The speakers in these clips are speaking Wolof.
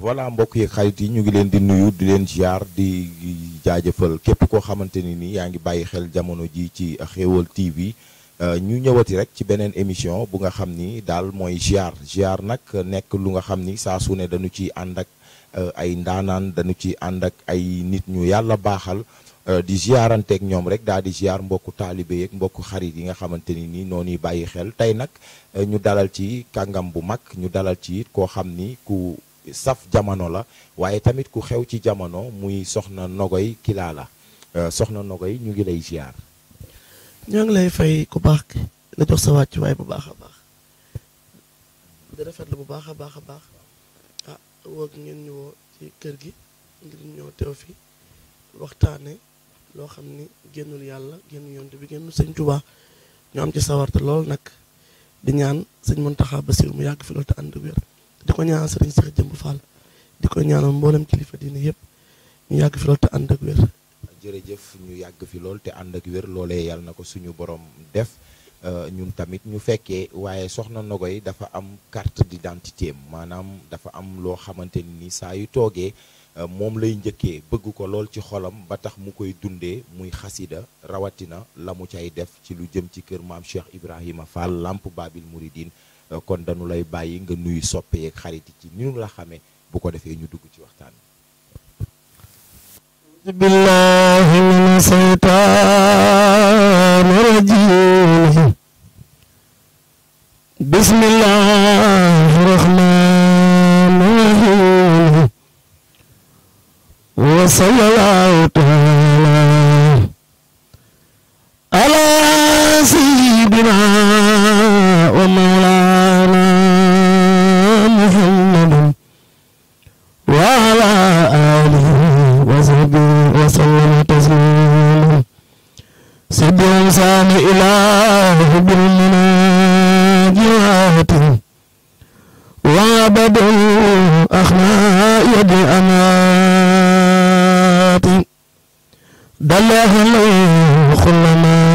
voilà mbokk yi xarit yi ñu ngi leen di nuyu di leen ziar di jaajëfal képp koo xamante ni nii yaa ngi bàyyi xel jamono ji ci Xéewal TV euh, ñu ñëwati rek ci beneen émission bu nga xam ni daal mooy ziar ziar nag nekk lu nga xam ni saa su ne dañu ciy ànd ak euh, ay ndaanaan dañu ci ànd ak ay nit ñu yàlla baaxal euh, di ziaranteeg ñoom rek daal di ziar mbokku taalibe yeeg mbokku xarit yi nga xamante ni nii noonu bàyyi xel tey nag ñu dalal ci kàngam bu mag ñu dalal ci it koo xam ni ku. saf jamono la waye tamit ku xew ci jamono muy soxna Nogoy kilala euh, soxna Nogoy ñu ngi lay ziar. ñu ngi lay fay ku baax la jox sa way bu baax a baax di bu baax a baax a baax ah woog ñu ci kër gi ngir ñëw teew fi waxtane lo xamni ni yalla genn yont bi genn sëñ Tuubaa ñu am ci sawarte lol nak di ñaan sëñ muntaha basir mu yag fi lol ta di ko ñaanal sax Cheikh Jëmb Fall di ko ñaanal mboolem kilifa diine yëpp ñu yàgg fi lool te ànd ak wér. jërëjëf ñu yàgg fi lool te ànd ak wér loolee yàlla na ko suñu borom def euh, ñun tamit ñu fekkee waaye soxna Nogoy dafa am carte d'identité maanaam dafa am loo xamante ni saa yu toogee. Euh, moom lay njëkkee bëgg ko lool ci xolam ba tax mu koy dundee muy xasida rawatina la mu cay def ci lu jëm ci kër maam Cheikh Ibrahima Fall Lamp Babil Mouridine Euh, kon dañu lay bayyi nga nuyu soppe ak xarit yi ci ñu la xamé bu ko defee ñu dugg ci waxtaan billahi min seytaan rajim bismillahi rahman rahim wa sallallahu الظلمات دله الخلماء خلما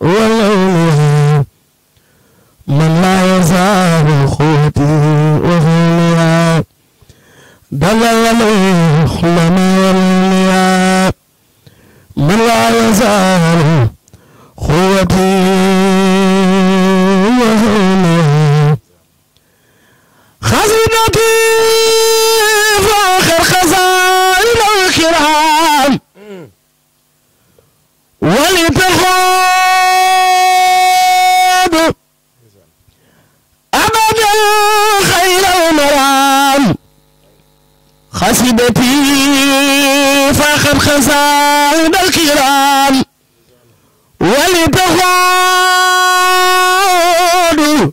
والأولياء من لا يزال خوتي وهولها دله عبدتي فخر خزان الكرام ولتغاد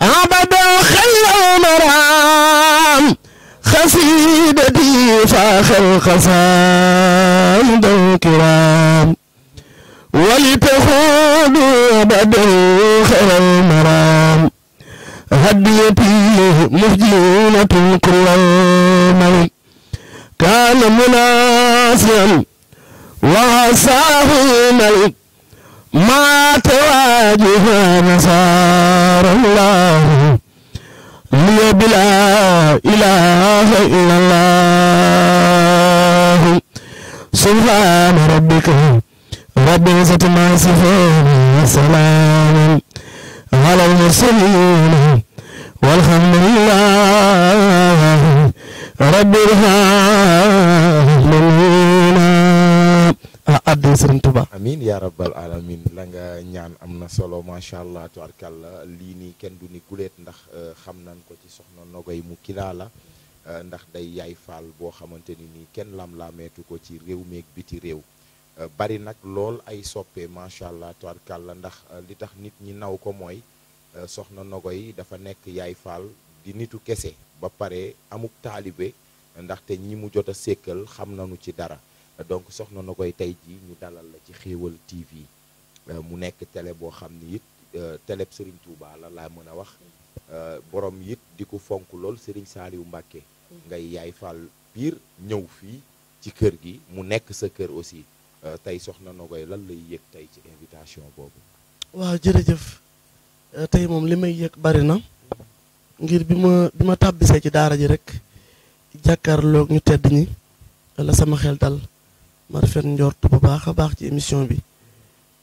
عبدا خير مرام خسيدتي فخر خزان الكرام ولتغاد عبدا خير مرام هديتي مهجينة كل الموت كان مناصرا وعصاه ملك ما تواجه نصار الله لي بلا إله إلا الله سبحان ربك رب العزة ما يصفون وسلام على المرسلين والحمد لله rabbi rahamina ah adde Sëriñ Tuba amin ya rabbal alamin la ñaan am na solo macha allah tubarkàlla lii nii kenn du ni guleet ndax euh, xam nan ko ci soxna yi mu kilaa la euh, ndax day yaay faal boo xamante ni nii kenn lam-laameetu ko ci réew meeg biti réew euh, bari nag lool ay soppe macha allah tubarkàlla ndax li tax nit ñi naw ko mooy soxna yi dafa nekk yaay faal di nitu kese ba paré amuk talibé, ndaxte ñi mu Sekel, sékkal ci dara donc soxna nakoy ñu dalal la ci TV euh, mu nekk télé bo xamni ni euh, télé Serigne Touba la laa mëna wax euh, borom di ko lool Serigne Saliou Mbacké ngay yaay fal pire ñew fi ci kër gi aussi soxna lan lay yek invitation bobu waaw jërëjëf tay mom limay ngir bi ma bi ma tàbbisee ci daara ji rek jàkkaarloog ñu tedd ñi la sama xel dal ma rafet njort bu baax a baax ci émission bi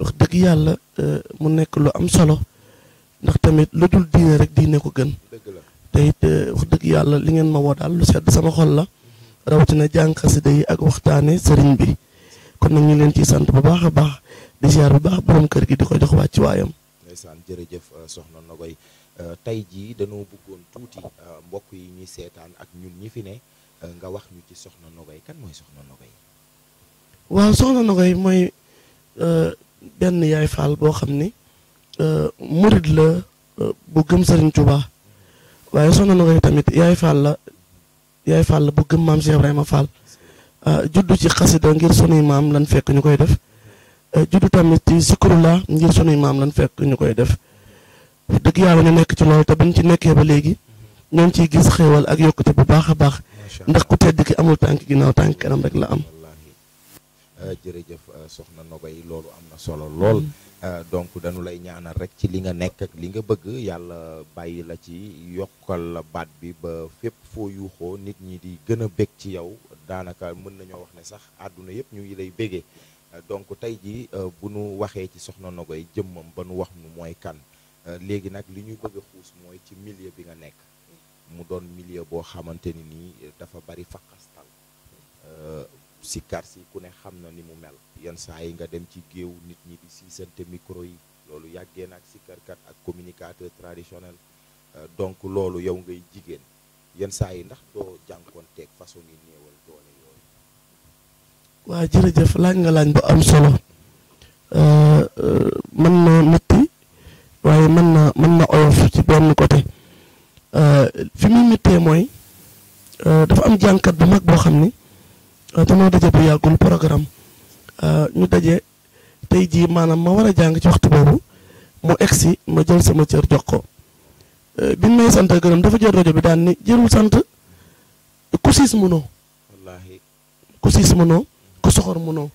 wax dëgg yàlla euh, mu nekk lu am solo ndax tamit lu dul diine rek diine ko gën te it euh, wax dëgg yàlla li ngeen ma woo daal lu sedd sama xol la rawatina jàng xasida yi ak waxtaane sëriñ bi kon nag ñu leen ciy sant bu baax a baax di ziar bu baax borom kër gi di ko jox wàcc waayam ndeysaan jërëjëf euh, soxna Nogoy euh, tey jii dañoo bëggoon tuuti euh, mbokk yi ñuy seetaan ak ñu ñi fi ne nga wax ñu ci soxna Nogoy kan mooy soxna Nogoy soxna Nogoy mooy benn yaay faal boo xam ni murid la bu gëm Serigne Touba waaye soxna Nogoy tamit yaay faal la yaay faal la bu gëm maam Cheikh Ibrahima Fall juddu ci xasida ngir sunuy maam lan fekk ñu koy def Eh, juddu tamit ci zikrullah ngir sunu Imam lan fekk ñukoy def deug yàlla ñu nekk ci loolu te bañ ci nekké ba légui ñu ci gis xéewal ak yokkute bu baaxa baax ndax ku tedd ki amul tank ginaaw tank kanam rek la am eh, jërëjëf eh, soxna Nogay loolu am na solo lool mm. donc dañu lay ñaanal rek ci li nga nekk ak li nga bëgg yalla bayyi la ci yokkal la baat bi ba fo yu xo nit ñi di gëna a ci yow danaka mën nañu wax ne sax aduna yëpp ñu ngi lay bégee donc tey jii euh, bu nu waxee ci soxna Nogoy jëmmam ba nu wax mu mooy kan euh, léegi nag li ñuy bëgg xuus mooy ci milieu bi nga nekk mu doon millier boo xamante ni nii dafa bari fakkastal euh, sikkar si ku ne xam na ni mu mel yenn saa yi nga dem ci géew nit ñi di siisante micro yi loolu yàggee na ak sikkarkat ak communicateur traditionnel donc loolu yow ngay jigéen yenn saa yi ndax doo jànkoonteeg façon yi néewal doole waa jërëjëf laaj nga lañ bu am solo eh, eh, man na metti waye man na man na oyof ci ben côté eh, fi metté moy euh dafa am jankat bu mag bo xamni ni danoo daje bu yagul programme ñu dajé tay ji manam ma wara jang ci waxtu bobu mu exi ma jël sama cër jox ko bi may sante gërëm dafa jël rajo bi daan ni jërul sante ku mëno wallahi ku siis mënoo ku soxor mënoo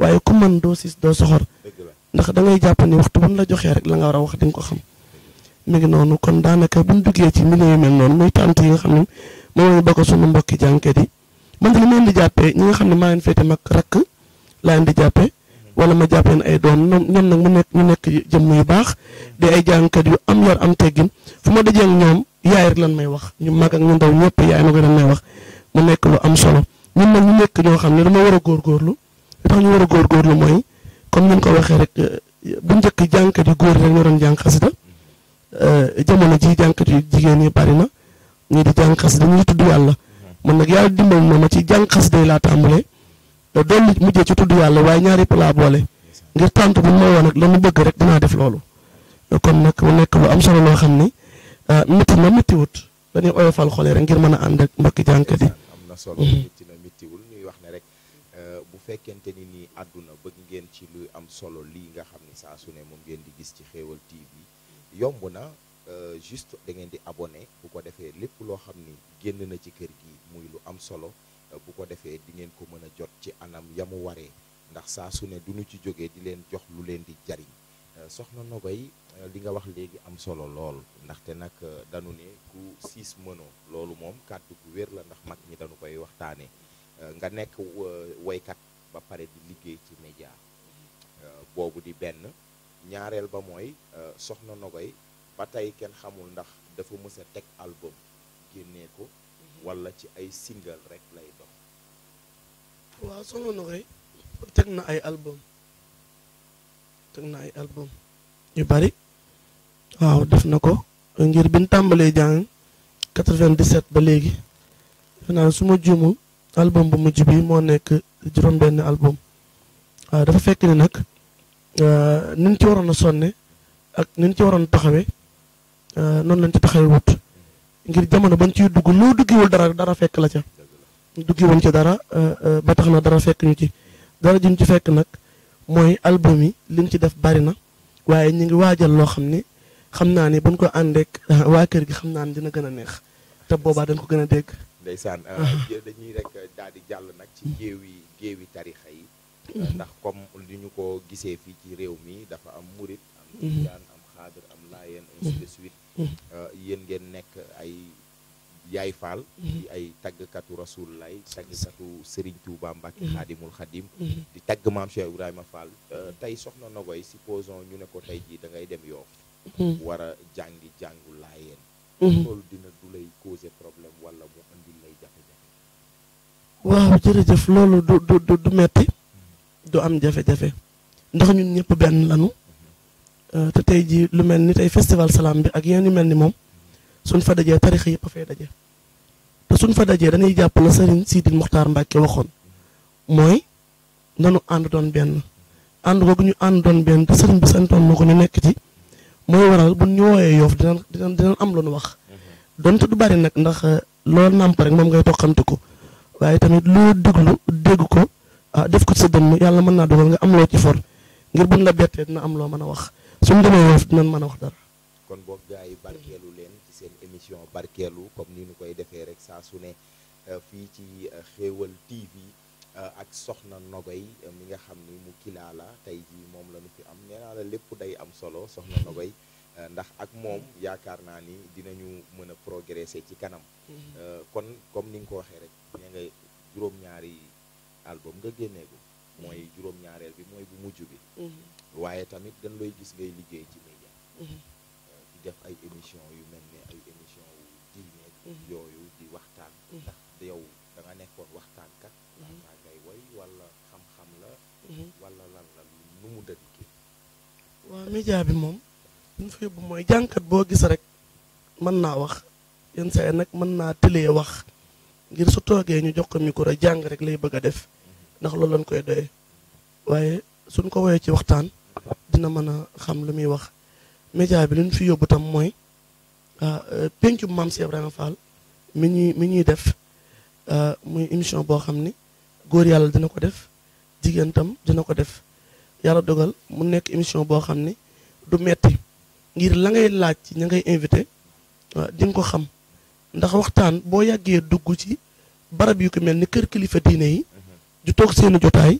waaye ku man doo siis doo soxor ndax da ngay jàpp ni waxtu buñ la joxee rek la nga war a wax di nga ko xam mu ngi noonu kon daanaka buñ duggee ci milieu yu mel noonu muy tànt yi nga xam ne moom la ñu bokk suñu yi man li leen di jàppee ñi nga xam ne maa leen féete mag rakk laa leen di jàppe wala ma jàppee ne ay doom ñoom nag mu nekk ñu nekk jëm yu baax di ay jànkat yu am yar am teggin fu ma dajee ñoom yaay rek lan may wax ñu mag ak ñu ndaw ñëpp yaay na ko lan may wax gorlo ngeen ko mën a jot ci anam yamu waree ndax saa su ne duñu ci jógee di leen jox lu leen di jariñ euh, soxna Nogay euh, li nga wax léegi am solo lool ndaxte nag euh, dañu ne ku siis mënoo loolu moom kàddu gu wér la ndax mag ñi dañu koy waxtaanee nga nekk woykat ba pare di liggéey ci média boobu di benn ñaareel ba mooy soxna Nogay ba tey kenn xamul ndax dafa mës teg album génnee ko mhm. walla ci ay single rek lay dox wa sonu no re teg na ay album teg na ay album yu bari wa def nako ngir bi ñu jang 97 ba léegi fina su ma album bu mujj bi mo nek juróom ben album wa dafa fekk ni nak euh ñu ci waroon a sonne ak ni ci ci taxawé euh non lañ ci taxawé wut ngir jamono ban ci dugg loo duggiwul dara dara fekk la ca. duggi woon ci dara euh, euh, ba tax na dara fekk ñu ci dara jëm ci fekk nag mooy album yi liñ ci def bari na waaye ñu ngi waajal loo xam ni xam naa ni buñ ko àndeek waa kër gi xam naa ni dina gën a neex te boobaa dañ ko gën a dégg. ndeysaan euh, dañuy rek daal di jàll nag ci géewi géewi tarixa yi. Mhm. ndax comme li ñu ko gisee fii ci réew mi dafa am murit am mhm. tijaan am xaadir am laayeen ainsi de mhm. suite yéen ngeen nekk ay. Yaay Fall di ay tàggkatu Rasulullah tàggkatu Serigne Touba Mbacke Xaadimul Xadim di tàgg maam Cheikh Ibrahima Fall euh, tey soxna Nogoy supposons ñu ne ko tey jii dangay dem Yoof war a jàngi jàngu laayeen loolu dina du lay causé problème wala mu andil lay jafe-jafe waaw jërëjëf loolu du du metti du am jafe-jafe ndax ñun ñëpp benn lanu mm-hmm. euh, te tey ji lu mel ni tey festival salaam bi ak yéen mel ni moom suñ fa dajé tarikh yëpp a fay dajé te suñ fa dajé dañuy japp na serigne Sidil mukhtar mbacké waxon moy nañu and doon ben and googu ñu and doon ben te serigne bi santoon moko ñu nekk ci moy waral bu ñu wooyee yoof dinañ dinañ am lu nu wax donte du bari nak ndax loolu namp rek mom ngay toqante ko waaye tamit lo deglu deg ko ah def ko ci sa dënn yàlla mën naa dogal nga am lo ci for ngir buñ la bété na am lo mëna wax suñu demee yoof dinañ mëna wax dara kon boog gars yi barkeelu leen ci seen émission barkeelu comme ni ñu koy defee rek saa su ne euh, fii ci euh, xéewal TV euh, ak soxna Nogoy mi nga xam ni mu kilaa la tey jii moom la ñu fi am nee la lépp day am solo soxna Nogoy ndax ak moom yaakaar naa ni dinañu mën a progresser ci kanam. Mm-hmm. kon comme ni nga ko waxee rek nee nga juróom-ñaari album nga génneegu mooy mm-hmm. juróom-ñaareel bi mooy bu mujj bi. Mm-hmm. waaye tamit dañ lay gis ngay liggéey ci média. def ay émission yu mel ne ay émission yu mhm. yooyu di waxtaan mhm. ndax nekkoon waxtaankat waxtaan mhm. ngay woy wala la wala la lu mu dëgg ki bi moom fa yóbbu mooy jànkat boo gis rek mën naa wax yenn saa nag mën naa tëlee wax ngir su toogee ñu jox ko micro jàng rek lay bëgg a def ndax loolu lañ koy doyee waaye suñ ko woyee ci waxtaan dina mën a xam lu muy wax média bi lu ñu fi yóbbu tam mooy ah, euh, pencu maam Cheikh Ibrahima Fall mi ñuy mi ñuy def ah, muy émission boo xam ni góor yàlla dina ko def jigéen tam dina ko def yàlla dogal mu nekk émission boo xam ni du metti ngir la ngay laaj ci ña ngay invité ah, di nga ko xam ndax waxtaan boo yàggee dugg ci barab yu ko mel ni kër kilifa diine yi mhm. di toog seeni jotaay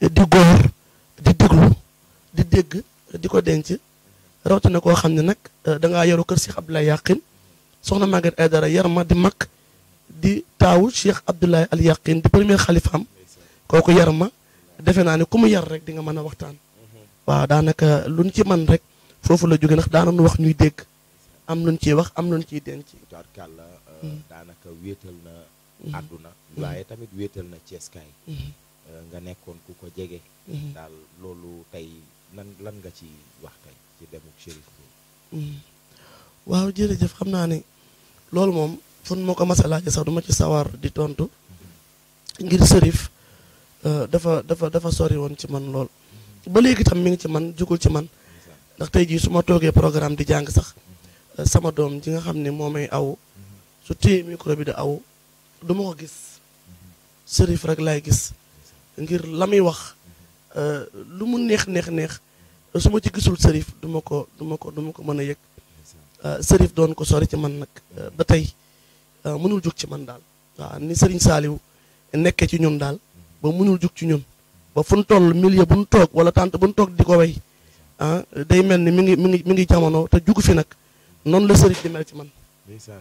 di góor di déglu di dégg di ko denc rawatina koo xam ne nag euh, da ngaa yaru kër Cheikh Abdoulaye Yaqin soxna Maguette Aydara yar ma di mag di taawu Cheikh Abdoulaye Al Yaqin di premier xalifaam kooku yar ma defe naa ne ku mu yar rek di nga mën a waxtaan. waaw daanaka luñ ci man rek foofu la jóge ndax wax ñuy dégg am luñ wax am luñ ciy denc. tubaarkàlla euh, mm. daanaka wéetal na mm. àdduna. Mm. waaye tamit wéetal na ceeskaay. Euh, nga nekkoon ku ko jege. daal loolu tey lan lan nga ci wax ci demuk Chérif jërëjëf xam naa ne loolu moom fun moo ko mas sax duma ci sawar di tontu ngir Chérif euh, dafa dafa dafa sori woon ci man lool ba léegi tam mu ngi ci man jugul ci man ndax tey jii su ma toogee programme di jàng sax euh, sama doom ji nga xam ne moo may aw su téye micro bi di aw du ko gis sërif rek laay gis ngir la muy wax euh, lu mu neex neex neex su ma ci gisul sërif du ma ko duma ko duma ko mën a yëg euh, sërif doon ko sori ci man nag euh, ba tey euh, mënul jug ci man daal waaw ni Serigne Saliou nekkee ci ñun daal ba mënul jug ci ñun ba fu ñu toll milieu bu ñu toog wala tante bu nu toog di ko way ah, day mel ni mu ngi mi ngi mi ngi jamono te jugu fi nag noonu la sërif di mel ci man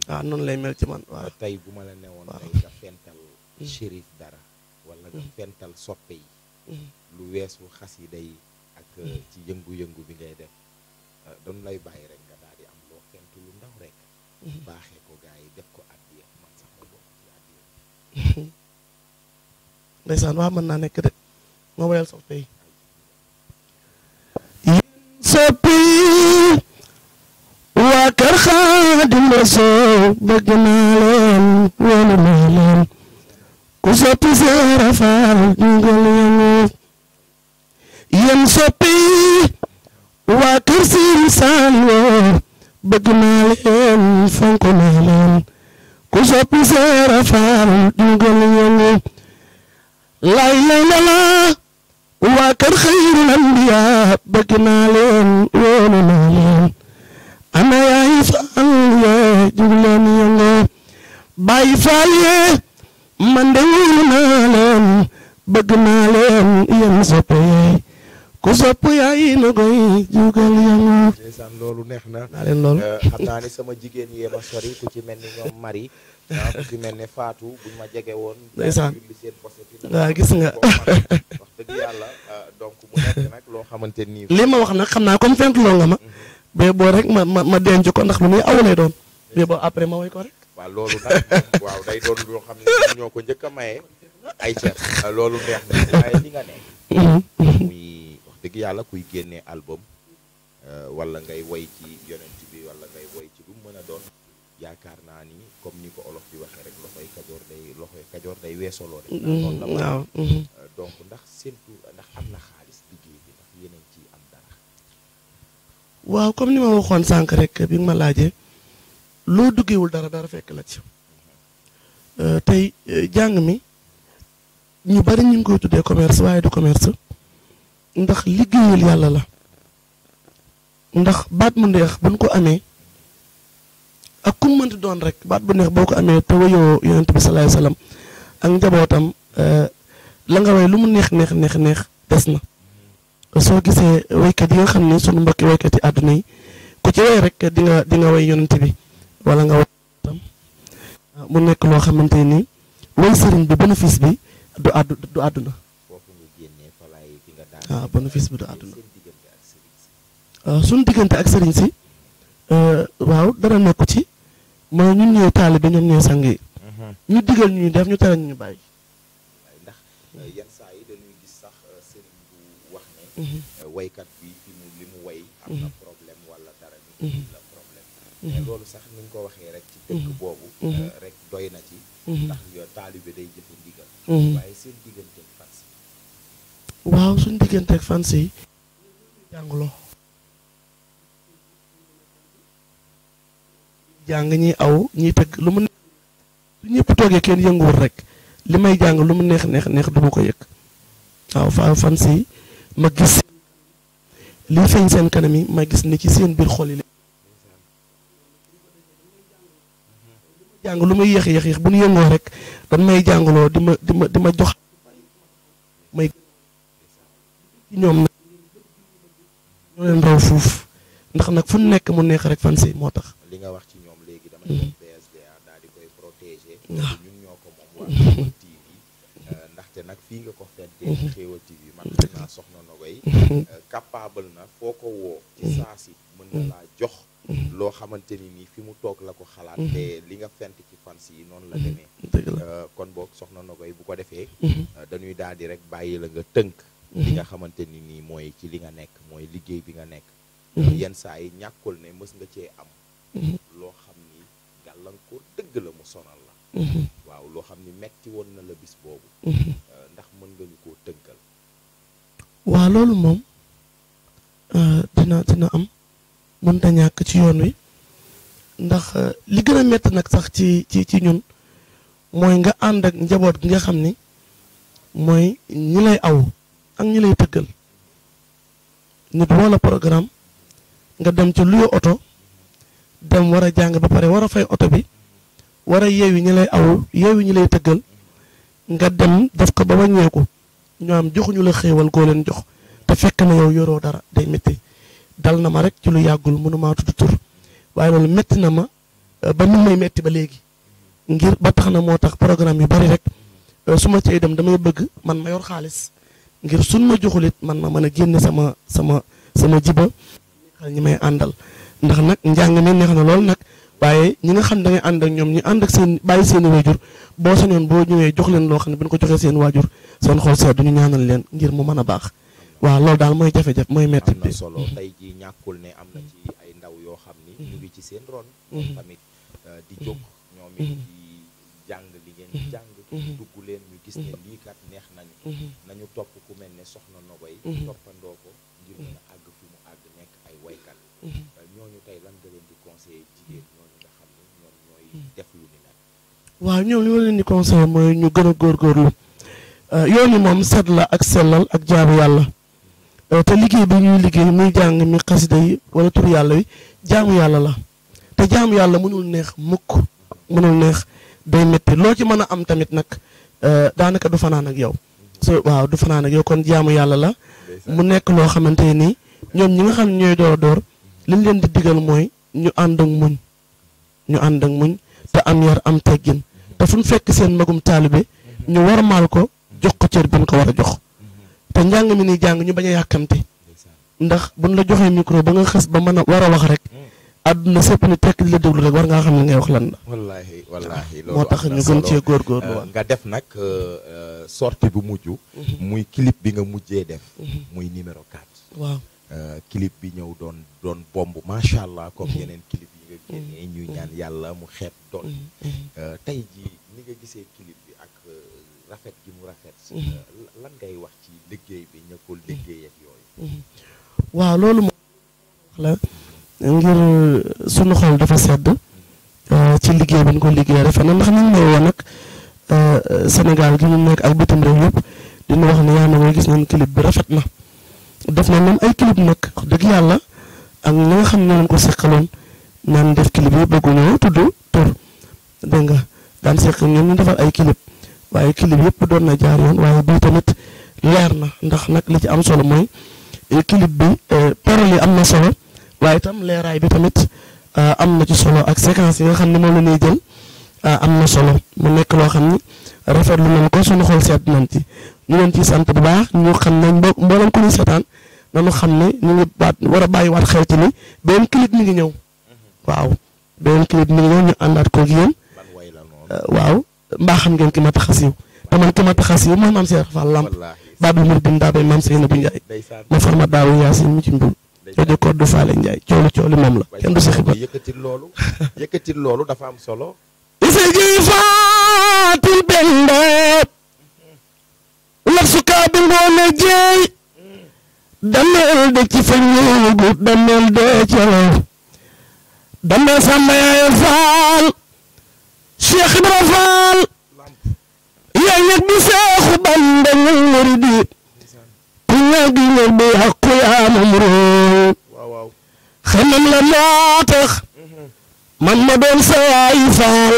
waaw noonu lay mel ci man waaw tey bu ma la newoon tey nga fental mm. dara wala nga mm. soppe yi mm. lu xas yi day ak ci yëngu-yëngu bi ngay def euh, doon lay bàyyi rek nga daal di am loo xentu lu ndaw rek mm-hmm. baaxee ko gars yi def ko addiya man sax ma bokk ci addiya ndeysaan waa mën naa nekk de ma wayal soppe yi soppi waa kër Xaadim Rasuul bëgg naa leen wóolu naa leen ku soppi seera faal jungal bëgg naa leen fonk naa leen ku soppi seera faal dugal yëngu lay lay waa kër xayrul anbiya bëgg naa leen wóolu naa leen ana yaay faal yee jug leen yëngu faal yee man de wóolu naa leen bëgg naa leen yéen soppe ku sopp yaay na koy jugal yàlla. ndeysaan loolu neex na. naa loolu. Euh, xam naa ni sama jigéen yee ma sori ku ci mel ni ñoom Marie. Ah, ku ci mel ne faatu buñ ma jege woon. ndeysaan waaw gis nga. wax dëgg yàlla euh, donc mu loo xamante ni. li ma wax nag xam naa comme fent loo nga ma. mais mhm. boo rek ma ma denc ko ndax lu muy aw lay doon. mais après ma woy ko rek. waaw loolu nag loo xam ne ñoo ko njëkk a ay loolu neex dëgg yàlla kuy génnee album euh, wala ngay woy ci yonent bi wala ngay woy ci lu mën a doon yaakaar naa ni comme ni ko olof di waxee rek loxoy kajoor day loxoy kajoor day weesoloo rek mm-hmm. waaw mm-hmm. euh, donc ndax séntu ndax am na xaalis liggéey bi ndax yeneen ci am dara waaw comme ni ma waxoon sànq rek bi nga ma laajee loo duggewul dara dara fekk la ci mm-hmm. euh, tey jàng mi ñu bari ñu ngi koy tuddee commerce waaye du commerce ndax liggéeyal yàlla la ndax baat mu neex buñ ko amee ak kum mënti doon rek baat bu neex boo ko amee te wayoo yonent bi salaay salaam ak njabootam euh, la nga way lu mu neex neex neex neex des na soo gisee waykat yi nga xam ne sunu mbokki waykat yi àdduna yi ku ci way rek di nga di nga way yonent bi wala nga way mu nekk loo xamante ni way sëriñ bi bénéfice bi du àddu waaw bénéfice bi du àdduna euh, suñ diggante ak sëriñ si euh, waaw dara nekku ci mooy ñun ñooy taalibe ñoom ñooy sang yi mhm. ñu digal ñu def ñu tere ñu bàyyi ndax euh, yenn saa dañuy gis sax sëriñ mhm. waykat bi fi mu li na mhm. problème wala dara ni loolu sax ni ko waxee rek ci dëkk boobu rek doy na ci ndax yo taalibe day jëfe ndigal waaye seen diggante waaw suñ diggante ak fan si. jànguloo jàng ñi aw ñi tëgg lu mu ñëpp toogee kenn yënguwul rek li may jàng lu mu neex neex neex du ma ko yëg waaw fa fans yi ma gis li feeñ seen kanam yi ma gis ne ci seen biir xol yi la jàng lu may yéex yéex bu ñu yëngoo rek dañ may di ma di ma di ma jox may ñoom nag ñoo leen raw fuuf ndax nag fu nekk mu neex rek fan si moo tax. li nga wax ci ñoom léegi dama ne mm-hmm. PSDA daal di koy protéger. waaw ñoo ko moom waa Xéwal TV euh, ndaxte nag fii nga ko feddee. Mm-hmm. Xéwal TV man mm-hmm. xam soxna Nogaye. Euh, capable foo ko woo. si mën na jox. loo xamante ni nii fi mu toog la ko xalaat li nga fent ci fans yi noonu la euh, kon boog soxna Nogaye bu ko defee dañuy daal di rek bàyyi la nga tënk li mhm. nga xamanteni ni moy ci li nga nek moy liggey bi nga nek mhm. yeen saa ñakul e ne mës nga ci am mhm. lo xamni ni deug la mu sonal la waaw lo xamni metti won na la bis bobu euh, ndax mën nga ko koo wa waa mom euh, dina dina am ta ñak ci yoon wi ndax euh, li gëna met nak sax ci ci ci ñun moy nga and ak njabot nga xamni moy ñi lay ak ñi lay tëggal nit woo la programme nga dem ca luyo oto dem war a jàng ba pare war a fay oto bi war a yeewi ñi lay awul yeewi ñu lay tëggal nga dem def ko ba wàññeeku ñoo am joxuñu la xéewal goo leen jox te fekk na yow yoroo dara day métti dal na ma rek ci lu yàggul mënumaa tudd tur waaye loolu metti na ma euh, ba ni may métti ba léegi ngir ba tax na moo tax programme yu bari rek euh, su ma cay dem damay bëgg man ma yor xaalis ngir suñ ma joxulit man ma mën a génne sama sama sama jiba xel ñi may àndal ndax nag njàng mi neex na lool nag waaye ñi nga xam da ngay ànd ak ñoom ñu ànd ak seen bàyyi seen i waajur boo sañoon boo ñëwee jox leen loo xam ne bu ñu ko joxee seen waajur seen xol seet duñu ñaanal leen ngir mu mën a baax waaw lool daal mooy jafe-jafe mooy metti bi am na solo tey ji ne am na ci ay ndaw yoo xam ni ñu ci seen ron mm-hmm. euh, di jóg mm-hmm. ñoom it di jàng li ngeen di mm-hmm. jàng dugg leen ñu gis ne lii kat neex Mm-hmm. nañu topp ku mel ne soxna Nogoy mm-hmm. toppandoo ko ngir mën a àgg fi mu mm-hmm. euh, ñoom ñooy ni nag mooy ñu gën a góorgóorlu euh, yoon moom set la ak sellal ak jaabu yàlla euh, te liggéey bi ñuy liggéey muy jàng mi xasida yi wala tur yàlla wi jaamu yàlla la te jaamu yàlla mënul neex mukk mënul neex day métti loo ci mën a am tamit nag daanaka du fanaan ak yow waaw du fanaan ak kon jaamu yàlla la mu nekk loo xamante nii ñoom ñi nga xam ñooy door door liñ leen di digal mooy ñu ànd ak muñ ñu ànd muñ te am yar am teggin te fu mu fekk seen magum taalibe ñu war warmaal ko jox ko cër bi mu ko war a jox te njàng mi ni jàng ñu bañ a yàkkamte ndax buñ la joxee micro ba nga xas ba mën a war a wax rek mm. àdduna sëpp ni tekk di la déglu rek war ngaa xam ne ngay wax lan la. wallaahi wallaahi loolu moo tax ñu gën cee góorgóorlu euh, woon nga def nag euh, euh, sorti bu mujj. Mhm. muy clip bi nga mujjee def. Mhm. muy numéro 4. waaw bi ñëw doon doon bomb macha allah mhm. comme yeneen clip yi nga génnee ñaan yàlla mu xeeb doon. tey jii ni nga gisee clip bi ak rafet gi mu rafet. lan wax ci liggéey bi ña liggéey ak waaw loolu moom la. ngir sunu xol dafa sedd euh, ci liggéey bi ñu ko liggéey rafet na ndax woon nag euh, Sénégal gi ñu nekk ak bitim réew yëpp dina wax ne yaa na gis nañ clip bi rafet na def na même ay clip nag dëgg yàlla ak ñi xam naan def clip yi bëgguñoo tudd tur dégg nga daan seq ñoom ñu ay clip waaye clip yëpp doon na jaar yoon waaye bii tamit leer na ndax nag li ci am solo mooy clip bi euh, parole yi am na solo. waaye itam leeraay bi tamit euh, am na ci solo ak séquence yi nga xam ne moom la ñuy jël euh, am na solo mu nekk loo xam ne rafet lu nañ ko sunu xol seet nañ ci ñu leen ci sant bu baax ñu xam ne mbo mboolem ku ñuy seetaan nañu xam ne ñu ngi baat war a bàyyiwaat xel ci ni beneen clip ngi ñëw waaw beneen clip mi ngi ñëw ñu àndaat ko ak yéen euh, waaw mbaa xam ngeen ki ma tax a siiw te man ki ma tax a siiw mooy maam Cheikh Fall Lamp Babou Mouridine Daabé maam Seyna bu Ndiaye ma format daawu Yaasin mu ci jooju koddu faale Ndiaye coolu moom la kenn du si xibaar yëkkati loolu yëkkati loolu dafa am solo isigi faatil bende jeey dameel de ci fa ñuugu dameel de colo dameel sàmba faal Cheikh Ibra Faal yaa ñëg di seexu bande ñëg muridi ku ñëg di ñëg bi hakku yaa mamroo xamam la moo tax mm-hmm. man ma doon sawaay faal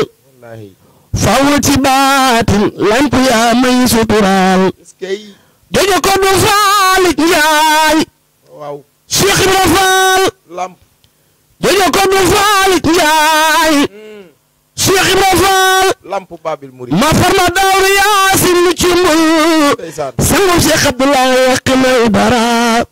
faw ci baatin lamp yaa may suturaal jojo ko du njaay Cheikh Ibra Faal jojo ko du njaay Cheikh Ibra Fall lamp babil murid ma farma dawru yaasin ci mbul sangu Cheikh Abdoulaye yaqinay bara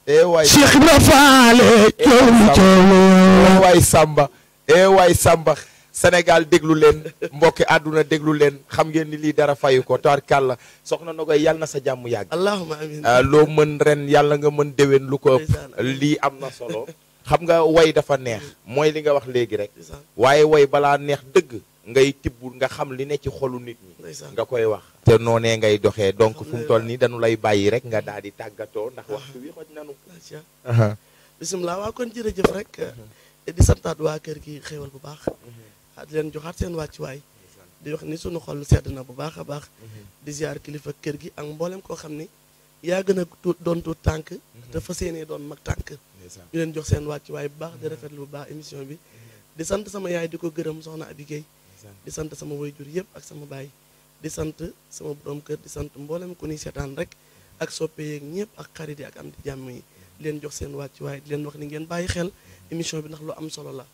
e Cheikh Ibra Fall eh, e coow lu coow lu e waay Samba e waay Samba Sénégal déglu leen mbokki àdduna déglu leen xam ngeen ni lii dara fayu ko tarkàlla soxna Nogaye yàlla na sa jàmm yàgg ah, loo mën ren yàlla nga mën déwén lu ko lii am na solo xam nga way dafa neex mooy li nga wax léegi rek waaye woy balaa neex dëgg ngay tibbu nga xam li ne ci xolu nit ñi nga koy wax te noné ngay doxé donc fu mu toll ni dañu lay bayyi rek nga daal di tàggatoo ndax ah. waxtu wi xoj nañu bismillah wa kon jërëjëf rek di santat wa kër gi xéewal bu baax di leen joxat seen way di wax ni suñu xol sedd na bu baaxa baax di ziar kilifa kër gi ak mbolem ko xamni ni gëna don tu tank te fas don mak tank ñu leen jox seen way bu baax di rafet lu baax émission bi di sant sama yaay di ko gërëm soxna Abi di sant sama jur yëpp ak sama baay di sant sama borom kër di sant mboolem ku ni seetaan rek ak soppe yeeg ñëpp ak xarit yi ak am di jàmm yi leen jox seen wàccuwaay di leen wax ni ngeen bàyyi xel émission bi ndax lu am solo la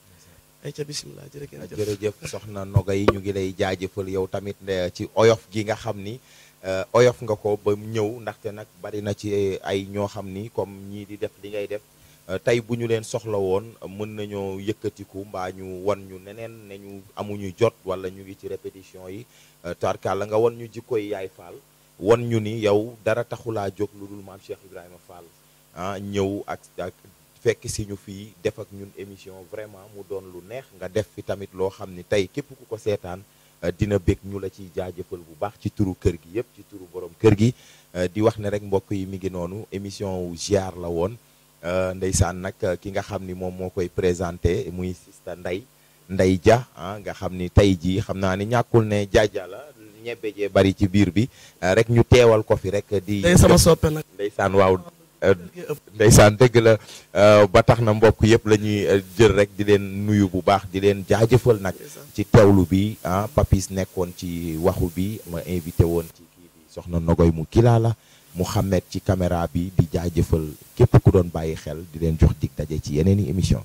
ay ca bisimilah jërëjëf jërëjëf soxna Noga yi ñu ngi lay jaajëfal yow tamit eh, ci oyof gi nga xam ni eh, oyof nga ko ba ñëw ndaxte nag bari na ci eh, ay ñoo xam ni comme ñii di def li ngay def Euh, tey bu ñu leen soxla woon euh, mën nañoo yëkkatiku mbaa ñu wan ñu neneen ne ñu amuñu jot wala ñu ngi ci répétition yi euh, tarka la nga wan ñu jikkoy yaay Fall wan ñu ni yow dara taxulaa jóg lu dul maam Cheikh Ibrahima Fall ah ñëw ak ak fekk si ñu fii def ak ñun émission vraiment mu doon lu neex nga def fi tamit loo xam ni tey képp ku ko seetaan dina bég ñu la ciy jaajëfal bu baax ci turu kër gi yëpp ci turu borom kër gi di wax ne rek mbokk yi mi ngi noonu émission ziar la woon Euh, ndeysaan nag euh, ki nga xam ni moom moo koy présenté muy sista Ndey Ndey Ja ah, nga xam ni tey jii xam naa ni ñàkkul ne jaaja la ñebe jee bari ci biir bi euh, rek ñu teewal ko fi rek di. sama soppe nag ndeysaan waaw. ndeysaan dëgg la ba tax na mbokk yëpp lañuy jël rek di leen nuyu bu baax di leen jaajëfal nag ci teewlu bi ah. papis nekkoon ci waxu bi ma invité woon ci soxna Nogoy mu kilaa la Mouhamed ci caméra bi di jaajëfal képp ku doon bàyyi xel di leen jox dig daje ci yeneen i émission